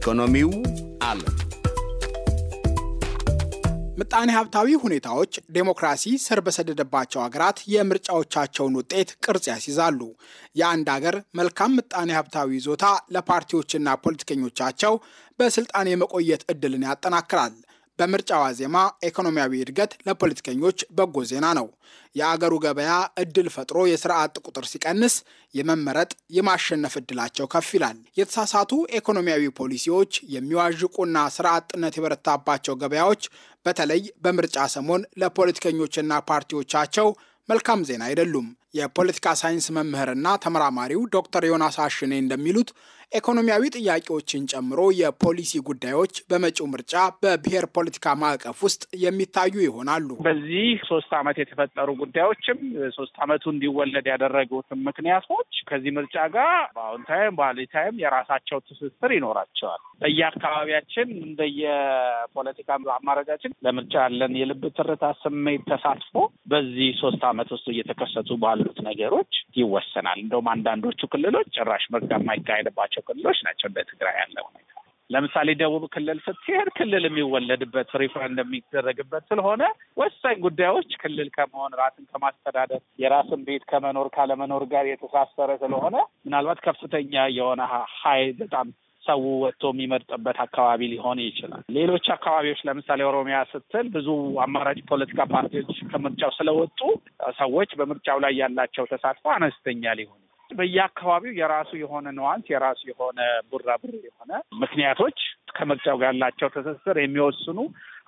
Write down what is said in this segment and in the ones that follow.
ኢኮኖሚው አለ። ምጣኔ ሀብታዊ ሁኔታዎች ዴሞክራሲ ስር በሰደደባቸው ሀገራት የምርጫዎቻቸውን ውጤት ቅርጽ ያስይዛሉ። የአንድ ሀገር መልካም ምጣኔ ሀብታዊ ይዞታ ለፓርቲዎችና ፖለቲከኞቻቸው በስልጣን የመቆየት እድልን ያጠናክራል። በምርጫ ዋዜማ ኢኮኖሚያዊ እድገት ለፖለቲከኞች በጎ ዜና ነው። የአገሩ ገበያ እድል ፈጥሮ የስራ አጥ ቁጥር ሲቀንስ የመመረጥ የማሸነፍ እድላቸው ከፍ ይላል። የተሳሳቱ ኢኮኖሚያዊ ፖሊሲዎች የሚዋዥቁና ስራ አጥነት የበረታባቸው ገበያዎች በተለይ በምርጫ ሰሞን ለፖለቲከኞችና ፓርቲዎቻቸው መልካም ዜና አይደሉም። የፖለቲካ ሳይንስ መምህርና ተመራማሪው ዶክተር ዮናስ አሽኔ እንደሚሉት ኢኮኖሚያዊ ጥያቄዎችን ጨምሮ የፖሊሲ ጉዳዮች በመጪው ምርጫ በብሔር ፖለቲካ ማዕቀፍ ውስጥ የሚታዩ ይሆናሉ። በዚህ ሶስት ዓመት የተፈጠሩ ጉዳዮችም ሶስት ዓመቱ እንዲወለድ ያደረጉትን ምክንያቶች ከዚህ ምርጫ ጋር በአዎንታዊም ታይም የራሳቸው ትስስር ይኖራቸዋል። በየአካባቢያችን እንደየፖለቲካ አማራጫችን ለምርጫ ያለን የልብ ትርታ ስሜት ተሳትፎ በዚህ ሶስት ዓመት ውስጥ እየተከሰቱ ባሉ ባሉት ነገሮች ይወሰናል። እንደውም አንዳንዶቹ ክልሎች ጭራሽ ምርጫ የማይካሄድባቸው ክልሎች ናቸው። እንደ ትግራይ ያለ ሁኔታ ለምሳሌ ደቡብ ክልል ስትሄድ ክልል የሚወለድበት ሪፍረንደም የሚደረግበት ስለሆነ ወሳኝ ጉዳዮች ክልል ከመሆን ራስን ከማስተዳደር የራስን ቤት ከመኖር ካለመኖር ጋር የተሳሰረ ስለሆነ ምናልባት ከፍተኛ የሆነ ሀይል በጣም ሰው ወጥቶ የሚመርጥበት አካባቢ ሊሆን ይችላል። ሌሎች አካባቢዎች ለምሳሌ ኦሮሚያ ስትል ብዙ አማራጭ ፖለቲካ ፓርቲዎች ከምርጫው ስለወጡ ሰዎች በምርጫው ላይ ያላቸው ተሳትፎ አነስተኛ ሊሆን በየአካባቢው የራሱ የሆነ ነዋንስ የራሱ የሆነ ቡራቡር የሆነ ምክንያቶች ከምርጫው ጋር ያላቸው ትስስር የሚወስኑ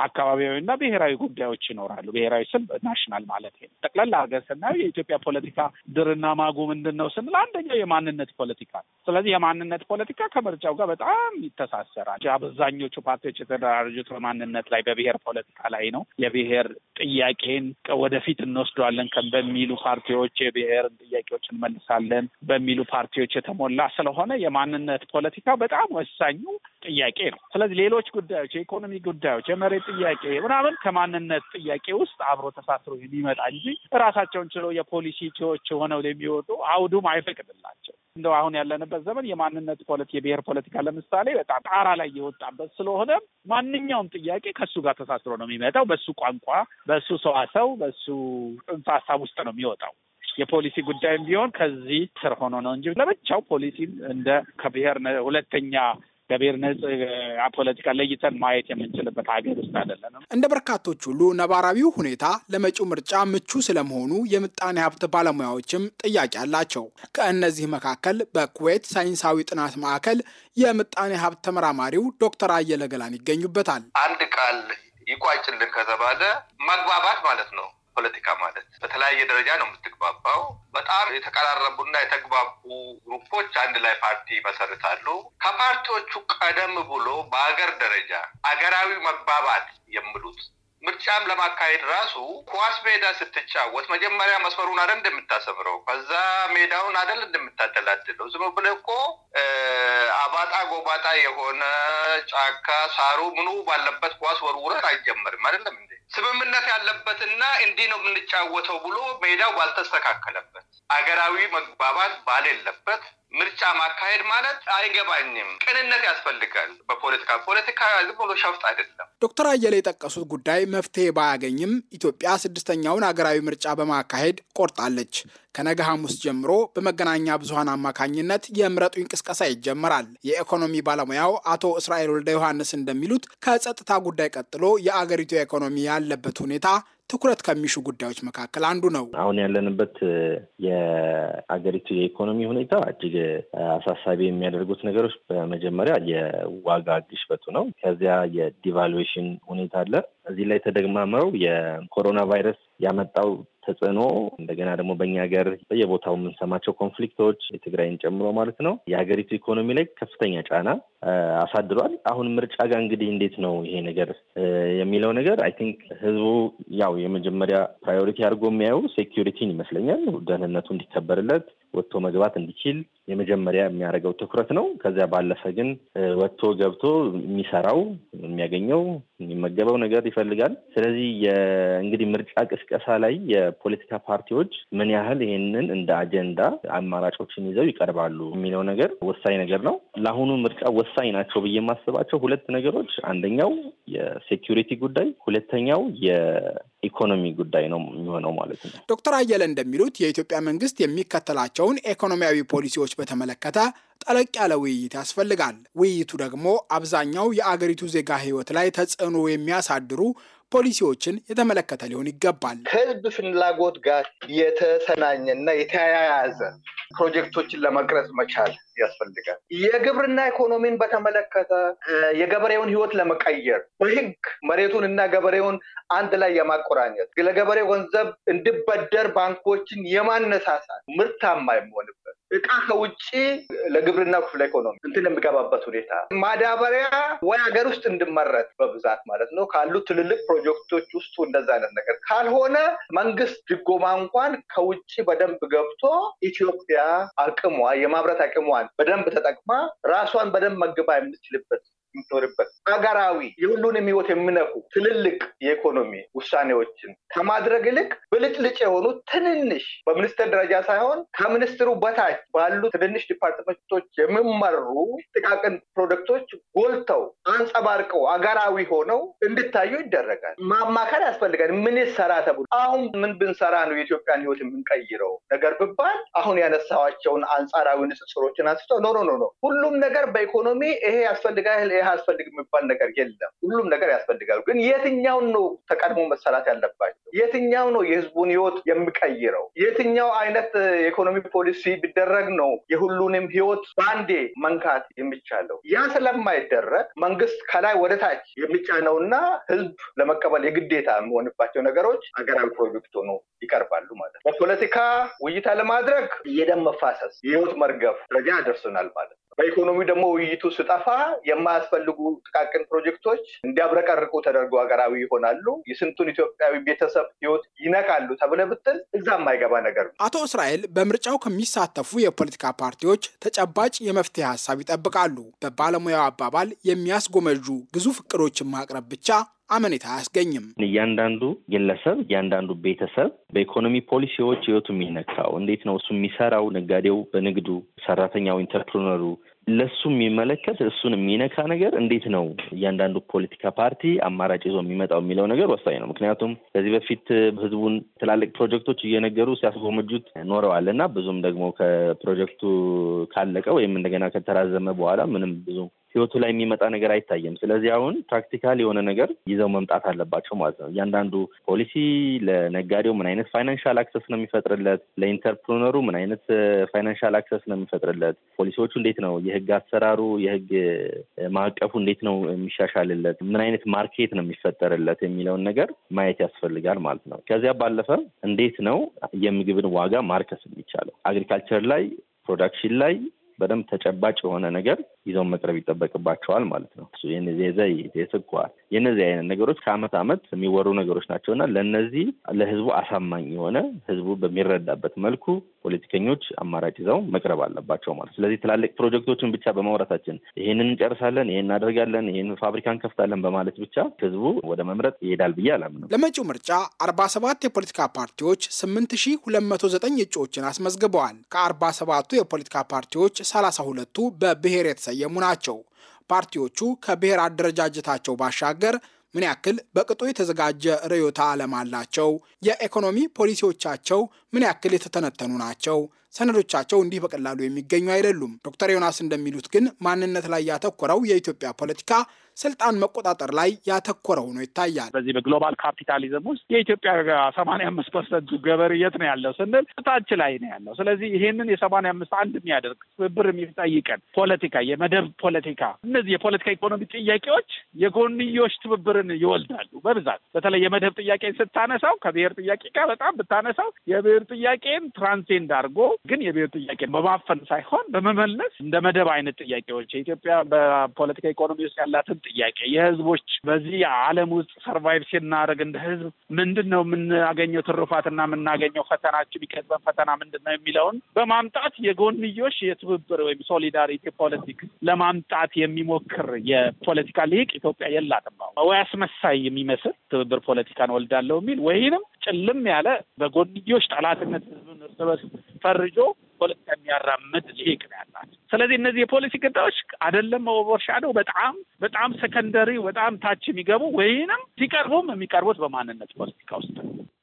አካባቢያዊና ብሔራዊ ጉዳዮች ይኖራሉ። ብሔራዊ ስል ናሽናል ማለት ነው። ጠቅላላ አድርገን ስናየው የኢትዮጵያ ፖለቲካ ድርና ማጉ ምንድን ነው ስንል አንደኛው የማንነት ፖለቲካ ነው። ስለዚህ የማንነት ፖለቲካ ከምርጫው ጋር በጣም ይተሳሰራል። አብዛኞቹ ፓርቲዎች የተደራጁት በማንነት ላይ በብሔር ፖለቲካ ላይ ነው። የብሔር ጥያቄን ወደፊት እንወስደዋለን በሚሉ ፓርቲዎች የብሔር ጥያቄዎች እንመልሳለን በሚሉ ፓርቲዎች የተሞላ ስለሆነ የማንነት ፖለቲካ በጣም ወሳኙ ጥያቄ ነው። ስለዚህ ሌሎች ጉዳዮች፣ የኢኮኖሚ ጉዳዮች፣ የመሬት ጥያቄ ምናምን ከማንነት ጥያቄ ውስጥ አብሮ ተሳስሮ የሚመጣ እንጂ ራሳቸውን ችለው የፖሊሲዎች ሆነው የሚወጡ አውዱም አይፈቅድላቸው። እንደው አሁን ያለንበት ዘመን የማንነት ፖለቲ የብሔር ፖለቲካ ለምሳሌ በጣም ጣራ ላይ የወጣበት ስለሆነ ማንኛውም ጥያቄ ከሱ ጋር ተሳስሮ ነው የሚመጣው። በሱ ቋንቋ፣ በሱ ሰዋሰው፣ በሱ ጽንሰ ሀሳብ ውስጥ ነው የሚወጣው። የፖሊሲ ጉዳይም ቢሆን ከዚህ ስር ሆኖ ነው እንጂ ለብቻው ፖሊሲ እንደ ከብሔር ሁለተኛ ከብሔር ነፃ ፖለቲካ ለይተን ማየት የምንችልበት ሀገር ውስጥ አይደለንም። እንደ በርካቶች ሁሉ ነባራዊው ሁኔታ ለመጪው ምርጫ ምቹ ስለመሆኑ የምጣኔ ሀብት ባለሙያዎችም ጥያቄ አላቸው። ከእነዚህ መካከል በኩዌት ሳይንሳዊ ጥናት ማዕከል የምጣኔ ሀብት ተመራማሪው ዶክተር አየለ ገላን ይገኙበታል። አንድ ቃል ይቋጭልን ከተባለ መግባባት ማለት ነው። ፖለቲካ ማለት በተለያየ ደረጃ ነው የምትግባባው። በጣም የተቀራረቡና የተግባቡ ግሩፖች አንድ ላይ ፓርቲ ይመሰርታሉ። ከፓርቲዎቹ ቀደም ብሎ በሀገር ደረጃ አገራዊ መግባባት የምሉት ምርጫም ለማካሄድ ራሱ ኳስ ሜዳ ስትጫወት መጀመሪያ መስመሩን አደ እንደምታሰምረው፣ ከዛ ሜዳውን አደል እንደምታደላድለው። ዝም ብለህ እኮ አባጣ ጎባጣ የሆነ ጫካ ሳሩ ምኑ ባለበት ኳስ ወርውረህ አይጀመርም። አደለም እንዴ? ስምምነት ያለበትና እንዲህ ነው የምንጫወተው ብሎ ሜዳው ባልተስተካከለበት፣ አገራዊ መግባባት ባሌለበት ምርጫ ማካሄድ ማለት አይገባኝም። ቅንነት ያስፈልጋል። በፖለቲካ ፖለቲካ ዝም ብሎ ሸፍጥ አይደለም። ዶክተር አየለ የጠቀሱት ጉዳይ መፍትሄ ባያገኝም ኢትዮጵያ ስድስተኛውን አገራዊ ምርጫ በማካሄድ ቆርጣለች። ከነገ ሐሙስ ጀምሮ በመገናኛ ብዙሃን አማካኝነት የምረጡኝ ቅስቀሳ ይጀመራል። የኢኮኖሚ ባለሙያው አቶ እስራኤል ወልደ ዮሐንስ እንደሚሉት ከጸጥታ ጉዳይ ቀጥሎ የአገሪቱ ኢኮኖሚ ያለበት ሁኔታ ትኩረት ከሚሹ ጉዳዮች መካከል አንዱ ነው። አሁን ያለንበት የአገሪቱ የኢኮኖሚ ሁኔታ እጅግ አሳሳቢ የሚያደርጉት ነገሮች በመጀመሪያ የዋጋ ግሽበቱ ነው። ከዚያ የዲቫሉዌሽን ሁኔታ አለ። እዚህ ላይ ተደግማምረው የኮሮና ቫይረስ ያመጣው ተጽዕኖ እንደገና ደግሞ በእኛ ሀገር በየቦታው የምንሰማቸው ኮንፍሊክቶች የትግራይን ጨምሮ ማለት ነው የሀገሪቱ ኢኮኖሚ ላይ ከፍተኛ ጫና አሳድሯል። አሁን ምርጫ ጋር እንግዲህ እንዴት ነው ይሄ ነገር የሚለው ነገር አይ ቲንክ ህዝቡ ያው የመጀመሪያ ፕራዮሪቲ አድርጎ የሚያየው ሴኪሪቲን ይመስለኛል። ደህንነቱ እንዲከበርለት ወጥቶ መግባት እንዲችል የመጀመሪያ የሚያደርገው ትኩረት ነው። ከዚያ ባለፈ ግን ወጥቶ ገብቶ የሚሰራው የሚያገኘው የሚመገበው ነገር ይፈልጋል። ስለዚህ እንግዲህ ምርጫ ቅስቀሳ ላይ የፖለቲካ ፓርቲዎች ምን ያህል ይህንን እንደ አጀንዳ አማራጮችን ይዘው ይቀርባሉ የሚለው ነገር ወሳኝ ነገር ነው። ለአሁኑ ምርጫ ወሳኝ ናቸው ብዬ የማስባቸው ሁለት ነገሮች፣ አንደኛው የሴኪሪቲ ጉዳይ፣ ሁለተኛው የኢኮኖሚ ጉዳይ ነው የሚሆነው ማለት ነው። ዶክተር አየለ እንደሚሉት የኢትዮጵያ መንግስት የሚከተላቸው የሚወስዷቸውን ኢኮኖሚያዊ ፖሊሲዎች በተመለከተ ጠለቅ ያለ ውይይት ያስፈልጋል። ውይይቱ ደግሞ አብዛኛው የአገሪቱ ዜጋ ሕይወት ላይ ተጽዕኖ የሚያሳድሩ ፖሊሲዎችን የተመለከተ ሊሆን ይገባል። ከህዝብ ፍላጎት ጋር የተሰናኘና የተያያዘ ፕሮጀክቶችን ለመቅረጽ መቻል ያስፈልጋል። የግብርና ኢኮኖሚን በተመለከተ የገበሬውን ህይወት ለመቀየር በህግ መሬቱን እና ገበሬውን አንድ ላይ የማቆራኘት ለገበሬው ገንዘብ እንዲበደር ባንኮችን የማነሳሳት ምርታማ የመሆን እቃ ከውጭ ለግብርናው ክፍለ ኢኮኖሚ እንትን የሚገባበት ሁኔታ ማዳበሪያ ወይ ሀገር ውስጥ እንድመረት በብዛት ማለት ነው ካሉ ትልልቅ ፕሮጀክቶች ውስጡ እንደዛ አይነት ነገር ካልሆነ መንግስት ድጎማ እንኳን ከውጭ በደንብ ገብቶ ኢትዮጵያ አቅሟ የማምረት አቅሟን በደንብ ተጠቅማ ራሷን በደንብ መግባ የምትችልበት የምትኖርበት ሀገራዊ የሁሉንም ህይወት የሚነኩ ትልልቅ የኢኮኖሚ ውሳኔዎችን ከማድረግ ይልቅ ብልጭልጭ የሆኑ ትንንሽ በሚኒስትር ደረጃ ሳይሆን ከሚኒስትሩ በታች ባሉ ትንንሽ ዲፓርትመንቶች የሚመሩ ጥቃቅን ፕሮጀክቶች ጎልተው አንጸባርቀው አገራዊ ሆነው እንድታዩ ይደረጋል። ማማከር ያስፈልጋል። ምን ሰራ ተብሎ አሁን ምን ብንሰራ ነው የኢትዮጵያን ህይወት የምንቀይረው ነገር ብባል አሁን ያነሳዋቸውን አንጻራዊ ንጽጽሮችን አንስተው ኖ ኖ ኖ ሁሉም ነገር በኢኮኖሚ ይሄ ያስፈልጋል አያስፈልግም የሚባል ነገር የለም። ሁሉም ነገር ያስፈልጋሉ። ግን የትኛውን ነው ተቀድሞ መሰራት ያለባቸው? የትኛው ነው የህዝቡን ህይወት የሚቀይረው? የትኛው አይነት የኢኮኖሚ ፖሊሲ ቢደረግ ነው የሁሉንም ህይወት በአንዴ መንካት የሚቻለው? ያ ስለማይደረግ መንግስት ከላይ ወደ ታች የሚጫነውና ህዝብ ለመቀበል የግዴታ የሚሆንባቸው ነገሮች ሀገራዊ ፕሮጀክት ሆኖ ይቀርባሉ ማለት ነው። በፖለቲካ ውይይታ ለማድረግ የደም መፋሰስ፣ የህይወት መርገፍ ደረጃ ያደርሱናል ማለት ነው። በኢኮኖሚ ደግሞ ውይይቱ ስጠፋ የማያስፈልጉ ጥቃቅን ፕሮጀክቶች እንዲያብረቀርቁ ተደርጎ ሀገራዊ ይሆናሉ፣ የስንቱን ኢትዮጵያዊ ቤተሰብ ህይወት ይነካሉ ተብለ ብትል እዛ የማይገባ ነገር ነው። አቶ እስራኤል በምርጫው ከሚሳተፉ የፖለቲካ ፓርቲዎች ተጨባጭ የመፍትሄ ሀሳብ ይጠብቃሉ። በባለሙያው አባባል የሚያስጎመዡ ግዙፍ እቅዶችን ማቅረብ ብቻ አመኔታ አያስገኝም። እያንዳንዱ ግለሰብ፣ እያንዳንዱ ቤተሰብ በኢኮኖሚ ፖሊሲዎች ህይወቱ የሚነካው እንዴት ነው? እሱ የሚሰራው ነጋዴው፣ በንግዱ ሰራተኛው፣ ኢንተርፕርነሩ ለሱ የሚመለከት እሱን የሚነካ ነገር እንዴት ነው እያንዳንዱ ፖለቲካ ፓርቲ አማራጭ ይዞ የሚመጣው የሚለው ነገር ወሳኝ ነው። ምክንያቱም ከዚህ በፊት ህዝቡን ትላልቅ ፕሮጀክቶች እየነገሩ ሲያስጎመጁት ኖረዋል እና ብዙም ደግሞ ከፕሮጀክቱ ካለቀ ወይም እንደገና ከተራዘመ በኋላ ምንም ብዙ ህይወቱ ላይ የሚመጣ ነገር አይታየም። ስለዚህ አሁን ፕራክቲካል የሆነ ነገር ይዘው መምጣት አለባቸው ማለት ነው። እያንዳንዱ ፖሊሲ ለነጋዴው ምን አይነት ፋይናንሻል አክሰስ ነው የሚፈጥርለት፣ ለኢንተርፕሮነሩ ምን አይነት ፋይናንሻል አክሰስ ነው የሚፈጥርለት፣ ፖሊሲዎቹ እንዴት ነው የህግ አሰራሩ የህግ ማዕቀፉ እንዴት ነው የሚሻሻልለት፣ ምን አይነት ማርኬት ነው የሚፈጠርለት የሚለውን ነገር ማየት ያስፈልጋል ማለት ነው። ከዚያ ባለፈ እንዴት ነው የምግብን ዋጋ ማርከስ የሚቻለው አግሪካልቸር ላይ ፕሮዳክሽን ላይ በደንብ ተጨባጭ የሆነ ነገር ይዘው መቅረብ ይጠበቅባቸዋል ማለት ነው። የዘይት፣ የስኳር የነዚህ አይነት ነገሮች ከአመት አመት የሚወሩ ነገሮች ናቸው እና ለእነዚህ ለህዝቡ አሳማኝ የሆነ ህዝቡ በሚረዳበት መልኩ ፖለቲከኞች አማራጭ ይዘው መቅረብ አለባቸው ማለት። ስለዚህ ትላልቅ ፕሮጀክቶችን ብቻ በማውራታችን ይህንን እንጨርሳለን፣ ይህን እናደርጋለን፣ ይህን ፋብሪካ እንከፍታለን በማለት ብቻ ህዝቡ ወደ መምረጥ ይሄዳል ብዬ አላምነው። ለመጪው ምርጫ አርባ ሰባት የፖለቲካ ፓርቲዎች ስምንት ሺ ሁለት መቶ ዘጠኝ እጩዎችን አስመዝግበዋል። ከአርባ ሰባቱ የፖለቲካ ፓርቲዎች ሰላሳ ሁለቱ በብሔር የተሰ የተሰየሙ ናቸው። ፓርቲዎቹ ከብሔር አደረጃጀታቸው ባሻገር ምን ያክል በቅጡ የተዘጋጀ ርዕዮተ ዓለም አላቸው? የኢኮኖሚ ፖሊሲዎቻቸው ምን ያክል የተተነተኑ ናቸው? ሰነዶቻቸው እንዲህ በቀላሉ የሚገኙ አይደሉም። ዶክተር ዮናስ እንደሚሉት ግን ማንነት ላይ ያተኮረው የኢትዮጵያ ፖለቲካ ስልጣን መቆጣጠር ላይ ያተኮረ ሆኖ ይታያል። በዚህ በግሎባል ካፒታሊዝም ውስጥ የኢትዮጵያ ሰማንያ አምስት ፐርሰንቱ ገበር የት ነው ያለው ስንል እታች ላይ ነው ያለው። ስለዚህ ይሄንን የሰማንያ አምስት አንድ የሚያደርግ ትብብር የሚጠይቀን ፖለቲካ፣ የመደብ ፖለቲካ፣ እነዚህ የፖለቲካ ኢኮኖሚ ጥያቄዎች የጎንዮሽ ትብብርን ይወልዳሉ። በብዛት በተለይ የመደብ ጥያቄን ስታነሳው ከብሔር ጥያቄ ጋር በጣም ብታነሳው የብሔር ጥያቄን ትራንሴንድ አድርጎ ግን የብሔር ጥያቄን በማፈን ሳይሆን በመመለስ እንደ መደብ አይነት ጥያቄዎች የኢትዮጵያ በፖለቲካ ኢኮኖሚ ውስጥ ያላትን ጥያቄ የህዝቦች በዚህ ዓለም ውስጥ ሰርቫይቭ ሲናደርግ እንደ ህዝብ ምንድን ነው የምናገኘው ትሩፋትና የምናገኘው ፈተናችን የሚቀጥበን ፈተና ምንድን ነው የሚለውን በማምጣት የጎንዮሽ የትብብር ወይም ሶሊዳሪቲ ፖለቲክ ለማምጣት የሚሞክር የፖለቲካ ሊቅ ኢትዮጵያ የላትም። ወይ አስመሳይ የሚመስል ትብብር ፖለቲካን ወልዳለሁ የሚል ወይንም ጭልም ያለ በጎንዮሽ ጠላትነት ህዝብን እርስ በርስ ፈርጆ ፖለቲካ የሚያራምድ ሊቅ ነው ያላት። ስለዚህ እነዚህ የፖሊሲ ጉዳዮች አይደለም ኦቨርሻዶው በጣም በጣም ሰከንደሪ በጣም ታች የሚገቡ ወይንም ሲቀርቡም የሚቀርቡት በማንነት ፖለቲካ ውስጥ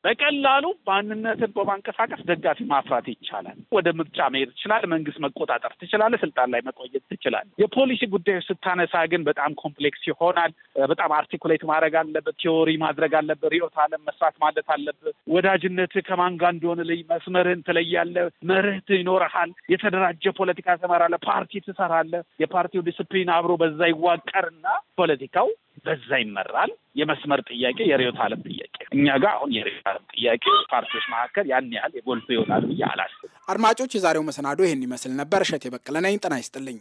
በቀላሉ ማንነትን በማንቀሳቀስ ደጋፊ ማፍራት ይቻላል። ወደ ምርጫ መሄድ ትችላል። መንግስት መቆጣጠር ትችላለ። ስልጣን ላይ መቆየት ትችላል። የፖሊሲ ጉዳዮች ስታነሳ ግን በጣም ኮምፕሌክስ ይሆናል። በጣም አርቲኩሌት ማድረግ አለበት። ቲዎሪ ማድረግ አለበት። ርዕዮተ ዓለም መስራት ማለት አለበት። ወዳጅነት ከማን ጋር እንደሆነ ልይ መስመርህን ትለያለ። መርህት ይኖረሃል። የተደራጀ ፖለቲካ ትመራለህ። ፓርቲ ትሰራለ። የፓርቲው ዲስፕሊን አብሮ በዛ ይዋቀርና ፖለቲካው በዛ ይመራል። የመስመር ጥያቄ የርዕዮተ ዓለም ጥያቄ እኛ ጋር አሁን የርዕዮተ ዓለም ጥያቄ ፓርቲዎች መካከል ያን ያህል የጎልቶ ይሆናል ብዬ አላል። አድማጮች፣ የዛሬው መሰናዶ ይህን ይመስል ነበር። እሸት የበቀለ ነኝ። ጤና ይስጥልኝ።